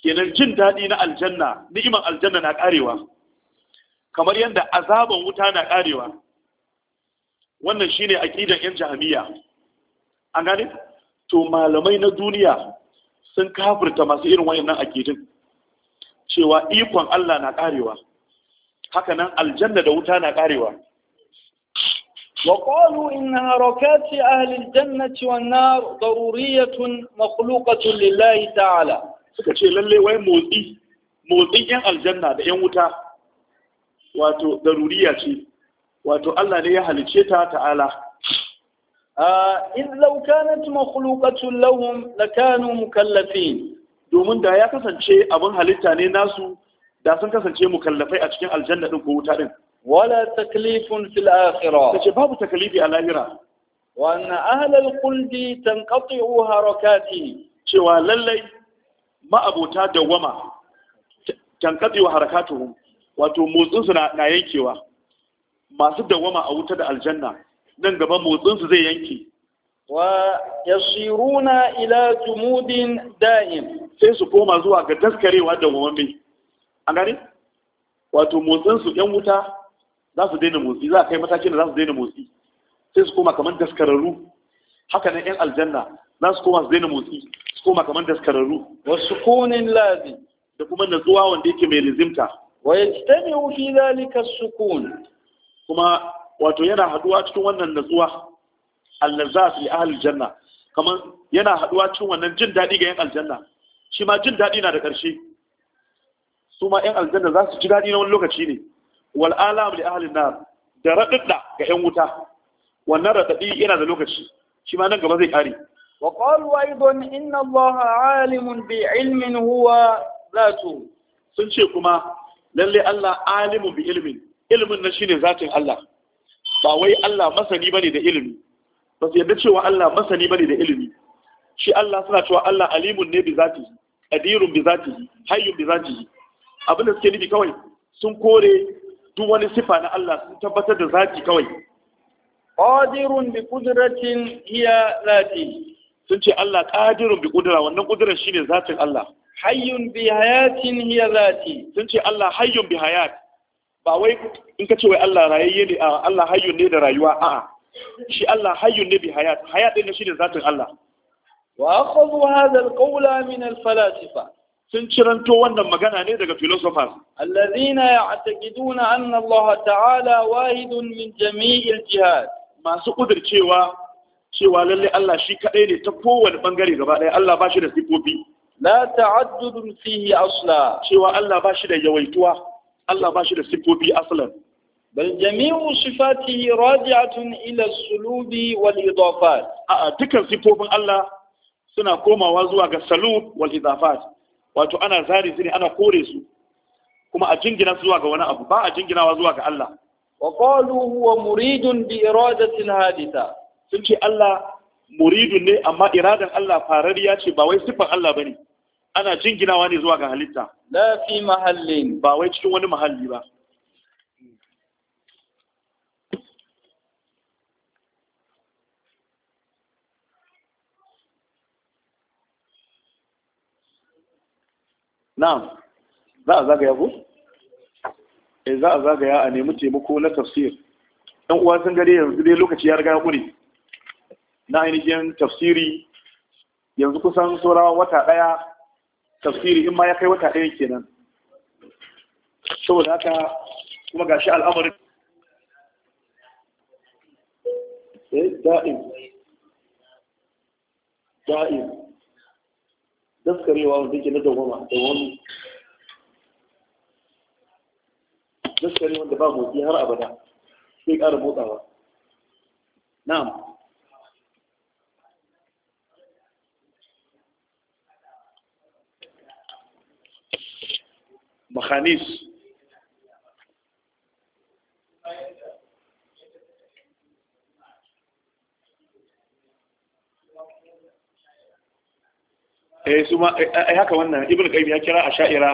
kenan jin daɗi na aljanna ni'iman aljanna na karewa kamar yadda azaban wuta na karewa wannan shine aqidan yan jahamiya an gane to malamai na duniya sun kafirta masu irin wayannan aqidin cewa ikon Allah na karewa hakanan aljanna da wuta na karewa inna إن ahli aljannati wan nar daruriyatun مخلوقة lillahi ta'ala suka ce lalle wai motsi motsin yan aljanna da yan wuta wato daruriya ce wato Allah ne ya halice ta ta'ala in law kanat makhluqatun lahum lakanu mukallafin domin da ya kasance abin halitta ne nasu da sun kasance mukallafai a cikin aljanna din ko wuta din wala taklifun fil akhirah kace babu taklifi a lahira wa anna ahlal qulbi tanqati'u harakati cewa lallai ma'abota dawama tanqati'u harakatuhum wato motsin su na yankewa masu dawama a wuta da aljanna nan gaba motsinsu zai yanki wa yasiruna ila jumudin da'im sai su koma zuwa ga daskarewa da wamame an gane wato motsinsu yan wuta za su daina motsi za a kai matakin da za su daina motsi sai su koma kamar daskararru haka nan yan aljanna za su koma su daina motsi su koma kamar daskararru wasu sukunin lazi da kuma natsuwa wanda yake mai rizimta wa yajtami fi dhalika sukun kuma wato yana haduwa cikin wannan natsuwa allazat li ahli janna kamar yana haduwa cikin wannan jin dadi ga yan aljanna shi ma jin dadi na da karshe su ma yan aljanna za su ji dadi na wani lokaci ne wal alam li ahli nar da radadda ga yan wuta wannan radadi yana da lokaci shi ma nan gaba zai kare wa qalu aidan inna allaha alimun bi ilmin huwa zatu sun ce kuma lalle Allah alimu bi ilmin ilimin nan shine zatin Allah ba wai Allah masani bane da ilimi ba sai yadda cewa Allah masani bane da ilimi shi Allah suna cewa Allah alimun ne bi zatihi qadirun bi zatihi hayyun bi zatihi da suke nufi kawai sun kore duk wani sifa na Allah sun tabbatar da zati kawai qadirun bi qudratin hiya zati sun ce Allah qadirun bi qudra wannan qudrar shine zatin Allah hayyun bi hayatin hiya zati sun ce Allah hayyun bi hayat ba wai in ka ce wai Allah rayayye ne a Allah hayyun ne da rayuwa a'a shi Allah hayyun ne bi hayat hayat din ne zatin Allah wa akhadhu hadha alqawla min alfalasifa sun ciranto wannan magana ne daga philosophers alladhina ya'taqiduna anna Allah ta'ala wahidun min jami'il jihad masu kudircewa cewa lalle Allah shi kadai ne ta kowane bangare gaba daya Allah ba shi da sifofi la ta'addudun fihi asla cewa Allah ba shi da yawaituwa Allah ba shi da sifofi asalan bal jami'u sifatihi raji'atun ila sulubi wal idafat A'a, dukkan sifofin Allah suna komawa zuwa ga salub wal idafat wato ana zari zini ana kore su kuma a jingina zuwa ga wani abu ba a jinginawa zuwa ga Allah wa qalu huwa muridun bi iradati al sun ce Allah muridun ne amma iradan Allah farariya ce ba wai siffar Allah bane ana jinginawa ne zuwa ga halitta la fi mahallin ba wai cikin wani mahalli ba na'am za a zagaya ko E, eh, za a zagaya a nemi taimako na tafsir ɗan uwa sun gare yanzu dai lokaci ya riga ya na ainihin tafsiri yanzu kusan saurawa wata ɗaya tafsiri in ma ya kai wata ɗaya kenan saboda haka kuma gashi al'amarin da'in eh, da'in daskarewa wanda ke na dawama da wani daskarewa da ba motsi har abada sai ƙara motsawa na'am makanis eh su ma eh, eh, haka wannan ibn qayyim ya kira asha'ira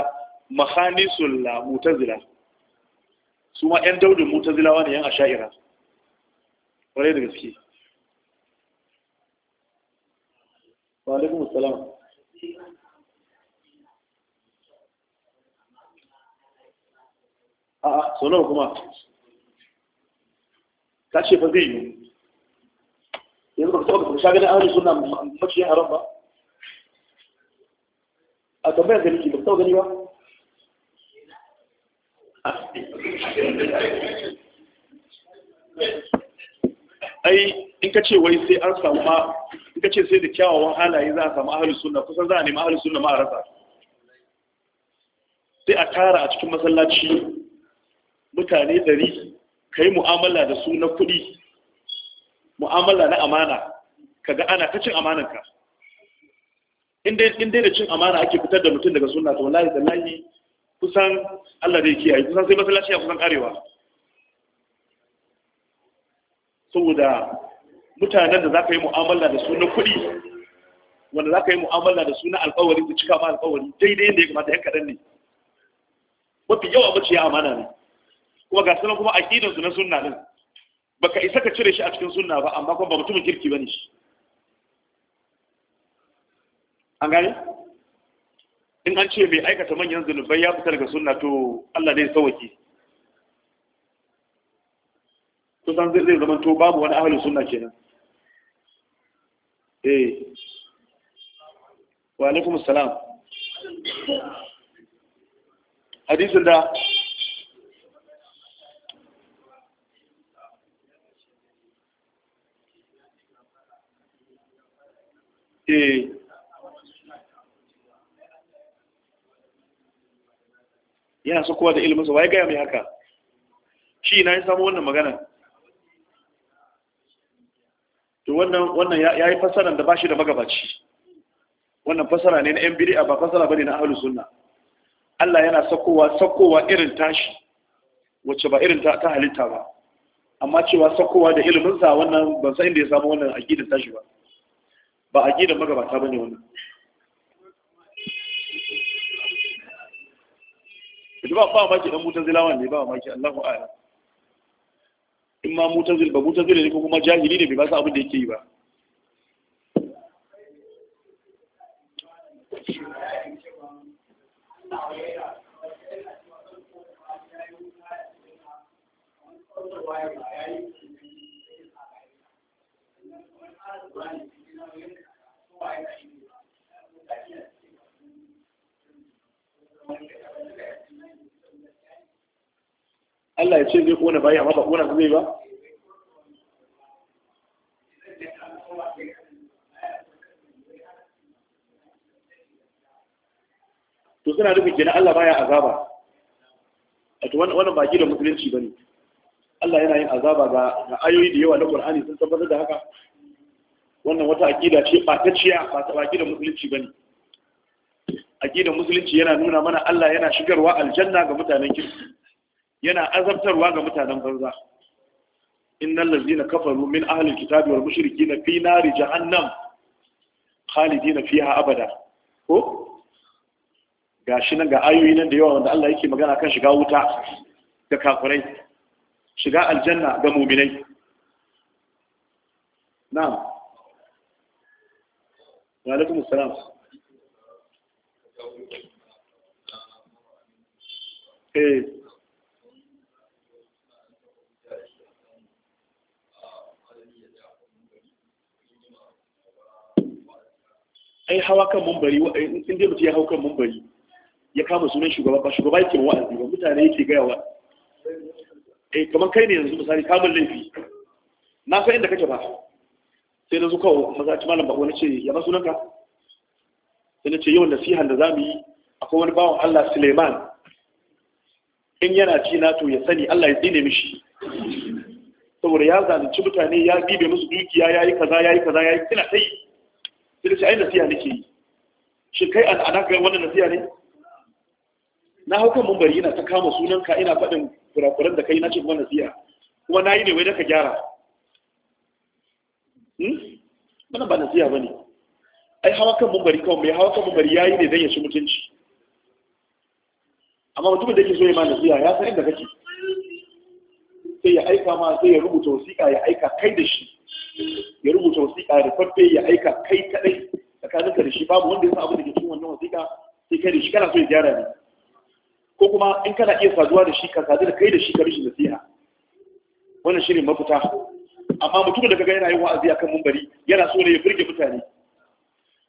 makhanisul la mutazila su ma yan daudin mutazila wani yan asha'ira kware da gaske wa alaikum assalam a so nawa kuma ta ce fa zai yi yanzu ba ka taɓa ka shaganin ahalin suna maciyin haram ba a tambayar gani ba ka taɓa gani ba ai in ka ce wai sai an samu ma in ka ce sai da kyawawan halaye za a samu ahalin suna kusan za a nemi ahalin suna ma a rasa sai a tara a cikin masallaci mutane ɗari ka yi mu'amala da su na kuɗi mu'amala na amana kaga ana ta cin amananka in dai da cin amana ake fitar da mutum daga suna, to wallahi tallahi kusan Allah ya kiyaye kusan sai masallaci a kusan karewa saboda mutanen da za ka yi mu'amala da su na kuɗi wanda za ka yi mu'amala da su na alƙawari da cika ma alƙawari daidai yadda ya kamata yan kaɗan ne mafi yawa mace ya amana ne kuma ga sunan kuma aqidansu na sunna din baka isa ka cire shi a cikin sunna ba amma kuma ba mutumin kirki bane shi an gane in an ce mai aikata manyan zunubai ya fita daga sunna to Allah zai sauke kusan zai zai zama to babu wani ahalin sunna kenan eh wa alaikum assalam hadisin da Eh. yana so kowa da ilimin Wa waye gaya mai haka shi na yi samu wannan magana to wannan wannan yi fasaran da ba shi da magabaci wannan fasara ne na yan bid'a ba fasara ne na ahalus sunna Allah yana sakowa sakowa irin tashi wacce ba irin ta halitta ba amma cewa sakowa da ilimin sa wannan ban san inda ya samu wannan aqidar tashi ba ba a gidan magabata ba ne wannan ba ba maki dan mutan zilawan ne ba maki Allahu a'lam in ma mutan zil ba mutan zil ne ko kuma jahili ne bai ba su abin da yake yi ba Thank you. Allah ya ce zai kone bayi amma ba zai ba to suna ke na Allah baya azaba tu wannan baki da musulunci ba ne. Allah yana yin azaba ga ayoyi da yawa na Kur'ani sun tabbatar da haka wannan wata aƙida ce ciya ba ta da musulunci ba ne musulunci yana nuna mana Allah yana shigarwa aljanna ga mutanen kirki yana azabtarwa ga mutanen banza innal ladzina kafaru min ahli alkitabi wal mushrikin fi nari jahannam khalidina fiha abada ko gashi nan ga ayoyi nan da yawa wanda Allah yake magana kan shiga wuta da kafirai shiga aljanna ga mu'minai na'am wa salam eh. ai hawa kan mumbari eh, in dai mutum ya hau kan mumbari ya kama sunan shugaba ba shugaba yake ma wa'azi ba mutane yake gaya wa eh kamar kai ne yanzu misali kamun laifi na san inda kake ba sai na zo maza ci malam ba wani ce ya ba sunanka sai na ce yawan nasihan da za mu yi akwai wani bawan Allah Suleiman in yana ci na to ya sani Allah ya tsine mishi saboda ya zalunci mutane ya bibe musu dukiya ya yi kaza ya yi kaza ya yi kina sai sai da ce ai nasiha nake yi shi kai a ana ga wannan nasiha ne na hau kan mumbari yana ta kama sunanka ina faɗin kurakuran da kai na ce kuma nasiha kuma na yi ne wai da ka gyara mana hmm? ba nasiya ba ne ai hawa kan mumbari kawai mai hawa kan mumbari ya yi ne zai ya mutunci amma mutumin da yake so ya ma nasiya ya san inda kake sai ya aika ma sai ya rubuta wasiƙa ya aika kai da shi ya rubuta wasiƙa da fafe ya aika kai kadai tsakaninka da shi babu wanda ya san abin da ke cikin wannan wasiƙa sai kai da shi kana so ya gyara ne ko kuma in kana iya saduwa da shi ka sadu da kai da shi ka rishin nasiha wannan shi ne mafita amma mutumin da kaga yana yin wa'azi akan mumbari yana so ne ya burge mutane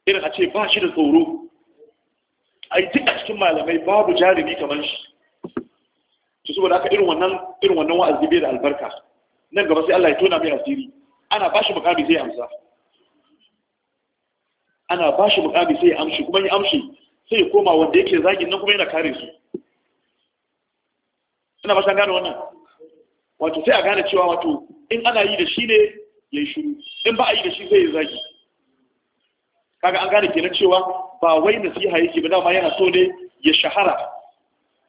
irin a ce ba shi da tsoro a yi duk a cikin malamai babu jarumi kamar shi su saboda aka irin wannan irin wannan wa'azi bai da albarka nan gaba sai Allah ya tona mai asiri ana bashi mukami sai amsa ana bashi mukami sai ya amshi kuma ya amshi sai ya koma wanda yake zagin nan kuma yana kare su ina ba san gane wannan wato sai a gane cewa wato in ana yi da shi ne ya yi shiru in ba a yi da shi zai yi zagi kaga an gane kenan cewa ba wai nasiha yake ba dama yana so ne ya shahara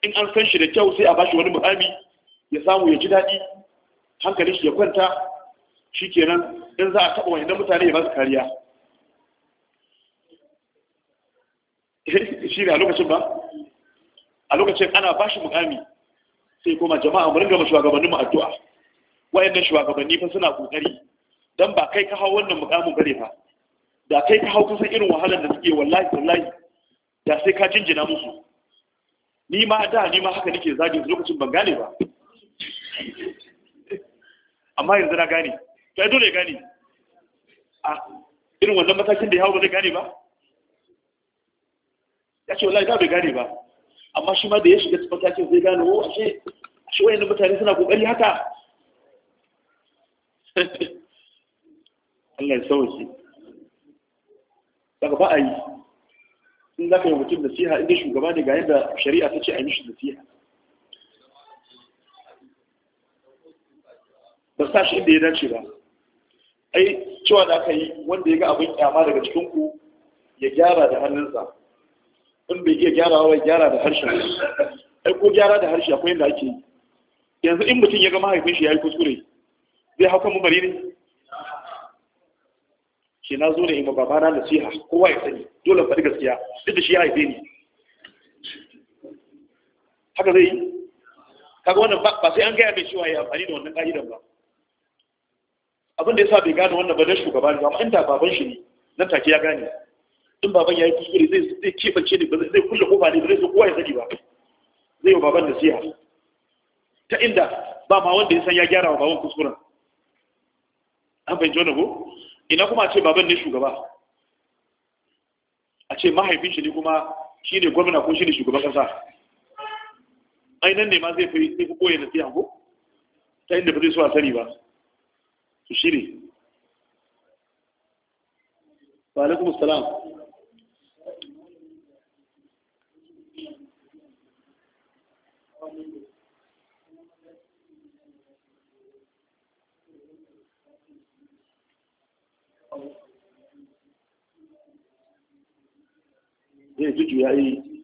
in an san shi da kyau sai a ba shi wani mukami ya samu ya ji daɗi hankalin shi ya kwanta shi kenan in za a taɓa wani mutane ya ba su kariya *laughs* shi ne a lokacin ba a lokacin ana shi mukami sai kuma jama'a mu ringa mu shugabannin mu addu'a wayannan shugabanni fa suna kokari dan ba kai ka hau wannan mukamin bare fa da kai ka hau kusan irin wahalar da suke wallahi wallahi da sai ka jinjina musu ni ma da ni ma haka nake zagin lokacin ban gane ba amma yanzu na gane to ai dole gane a irin wannan matakin da ya hau ba zai gane ba ya ce wallahi da bai gane ba amma shi ma da ya shiga matakin zai gane wo oh, ashe ashe wayannan mutane suna kokari haka Allah ya sauke daga ba a yi in za ka yi mutum nasiha inda shugaba ne ga yadda shari'a ta ce a yi mishi nasiha ba sa shi inda ya dace ba ai cewa da aka yi wanda ya ga abin kyama daga cikinku ya gyara da hannunsa in bai iya gyara ba gyara da harshen ai ko gyara da harshe akwai yadda ake yi yanzu in mutum ya ga mahaifin shi ya yi kuskure zai hau kan mumbari ne shi na zo ne ima babana nasiha kowa ya sani dole faɗi gaskiya duk da shi ya haife ni haka zai yi kaga wannan ba sai an gaya mai cewa ya amfani da wannan ka'idan ba abin da ya sa bai gane wannan ba dan shugaba ne amma inda baban shi ne nan take ya gane in baban yayi kuskure zai zai kebance ne ba zai kulle kofa ne ba zai so kowa ya sani ba zai yi baban nasiha ta inda ba ma wanda ya san ya gyara wa baban kuskuren an fahimci wani ko ina kuma a ce baban ne shugaba a ce mahaifin shi ne kuma shi ne gwamna ko shi ne shugaban kasa ainihin ne ma zai fi zai fi koya na siya ko ta inda ba zai so a sani ba su shi ne alaikum salam Thank you. sai juju ya yi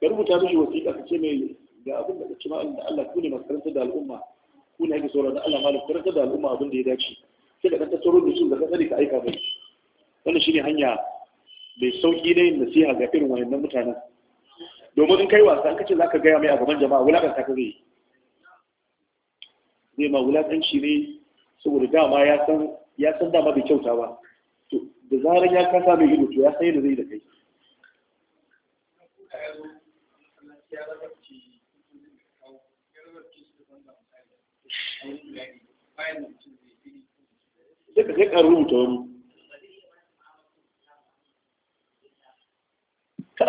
ka rubuta mishi wasiƙa ka ce mai ga abin da ka ci ma'an da Allah ku masu karanta da al'umma ku ne sauran da Allah malu karanta da al'umma abin da ya dace sai ka ɗanta da su da ka sani ka aika mai wannan shine hanya mai sauƙi na yin nasiha ga irin wayannan mutanen domin in kai wasa an ka ce za ka gaya mai a gaban jama'a wulaƙanta ka kare zai ma wulaƙanci ne saboda dama ya san dama bai kyauta ba da zarar ya kasa mai ido to ya sai da zai da kai Kada ka sai karu rubuta wani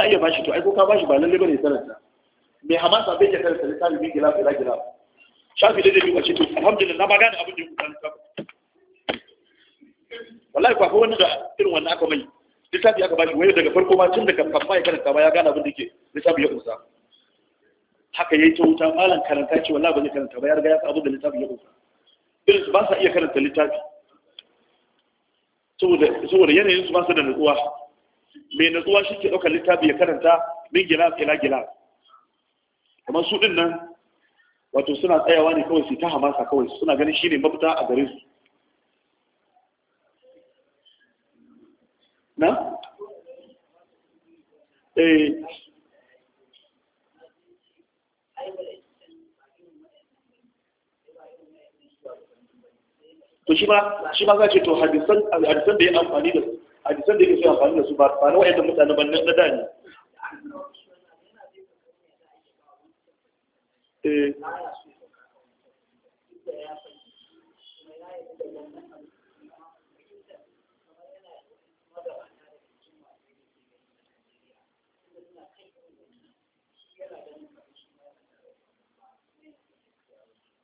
iya bashi to ai ko ka bashi ba lalle bane sanarsa mai hamasa bai ke sanarsa littafin bin gila gila gila shafi da zai yi wace to alhamdulillah na ba gane abin da ya kuka littafin wallahi kwa ko wani da irin wannan aka mai littafi aka bashi waye daga farko ma tun daga farko ya karanta ba ya gane abin da yake littafi ya kusa haka yayi ta wuta malam karanta ce wallahi ba zai karanta ba ya riga ya san abin da littafi ya kusa irin ba sa iya karanta littafi saboda yanayin su ba su da nutsuwa mai nutsuwa shi ke ɗaukar littafi ya karanta min gila gila gila kamar su ɗin nan wato suna tsayawa ne kawai su ta hamasa kawai suna ganin shi ne mafita a gare su Eh. to shi ba shi ma ce to hadisan hadisan da ya amfani da hadisan da yake so amfani da su ba ba na wayannan mutane ban na da ne eh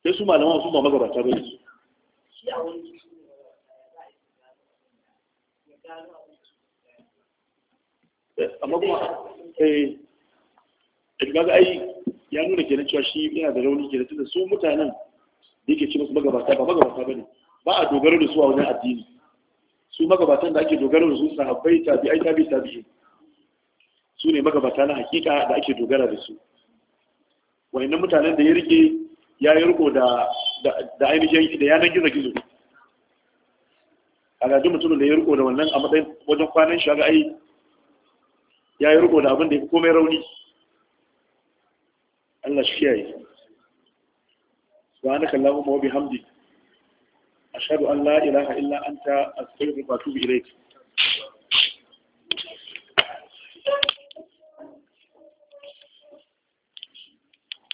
sai su malaman su ba magabata ba ne eh, amma kuma eh, eh, ga ai ya nuna kenan cewa shi yana da rauni kenan da su mutanen da yake ce masu magabata ba magabata ba ne ba a dogaro da su a wajen addini su magabatan da ake dogaro da su sahabbai ai tabi tabi su ne magabata na hakika da ake dogara da su wayannan mutanen da ya rike ya yi riko da ainihin da yanar gizo gizo a gajin mutumin da ya riko da wannan a matsayin wajen kwanan shi ga ai ya yi riko da abin da ya komai rauni Allah shi yayi subhanaka allahumma wa bihamdika ashhadu an la ilaha illa anta astaghfiruka wa atubu ilayk